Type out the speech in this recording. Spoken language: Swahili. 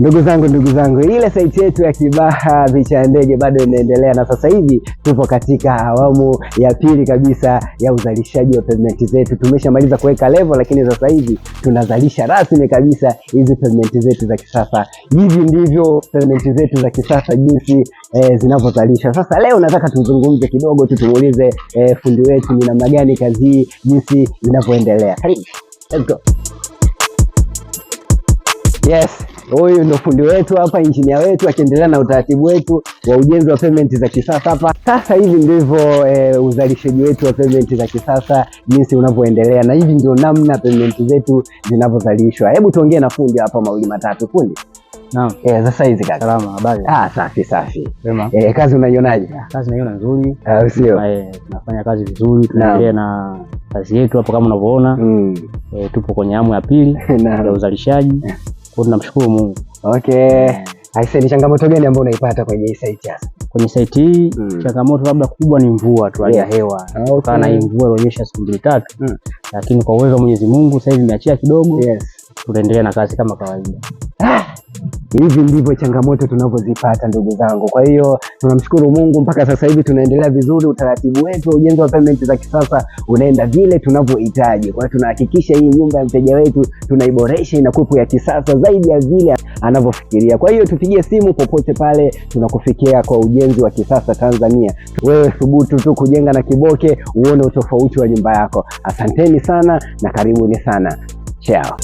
Ndugu zangu ndugu zangu, ile site yetu ya Kibaha ya Ndege bado inaendelea, na sasa hivi tupo katika awamu ya pili kabisa ya uzalishaji wa pavement zetu. Tumeshamaliza kuweka level, lakini sasa hivi tunazalisha rasmi kabisa hizi pavement zetu za kisasa. Hivi ndivyo pavement zetu za kisasa jinsi e, eh, zinavyozalisha. Sasa leo nataka tuzungumze kidogo tu, tumuulize e, fundi wetu ni namna gani kazi hii jinsi inavyoendelea. Karibu, let's go. Yes. Huyu ndo fundi wetu hapa, injinia wetu, akiendelea na utaratibu wetu wa ujenzi wa pavement za kisasa hapa. Sasa hivi ndivyo e, uzalishaji wetu wa pavement za kisasa jinsi unavyoendelea, na hivi ndio namna pavement zetu zinavyozalishwa. Hebu tuongee na fundi hapa mawili matatu. Fundi, naam. Eh, sasa hizi kazi. Salama, habari? Ah, safi safi. Sema. Eh, kazi unaionaje? Kazi naiona nzuri. Ah, sio. Eh, tunafanya kazi vizuri, tunaendelea na kazi yetu hapo kama unavyoona. Mm. Eh, tupo kwenye amu ya pili ya uzalishaji eh tunamshukuru Mungu. Okay. Aise, ni changamoto gani ambayo unaipata kwenye hii site sasa? Kwenye site hii mm. changamoto labda kubwa ni mvua tu, hali ya yeah. Ah, okay. hii mvua ilionyesha siku mbili tatu mm. lakini kwa uwezo wa Mwenyezi Mungu sasa hivi imeachia kidogo yes. Tutaendelea na kazi kama kawaida. Ah! Hivi ndivyo changamoto tunavyozipata ndugu zangu. Kwa hiyo tunamshukuru Mungu mpaka sasa hivi tunaendelea vizuri, utaratibu wetu wa ujenzi wa payment za kisasa unaenda vile tunavyohitaji. Kwa hiyo tunahakikisha hii nyumba ya mteja wetu tunaiboresha inakuwa ya kisasa zaidi ya vile anavyofikiria. Kwa hiyo tupigie simu popote pale, tunakufikia kwa ujenzi wa kisasa Tanzania. Wewe thubutu tu kujenga na Kiboke uone utofauti wa nyumba yako. Asanteni sana na karibuni sana. Ciao.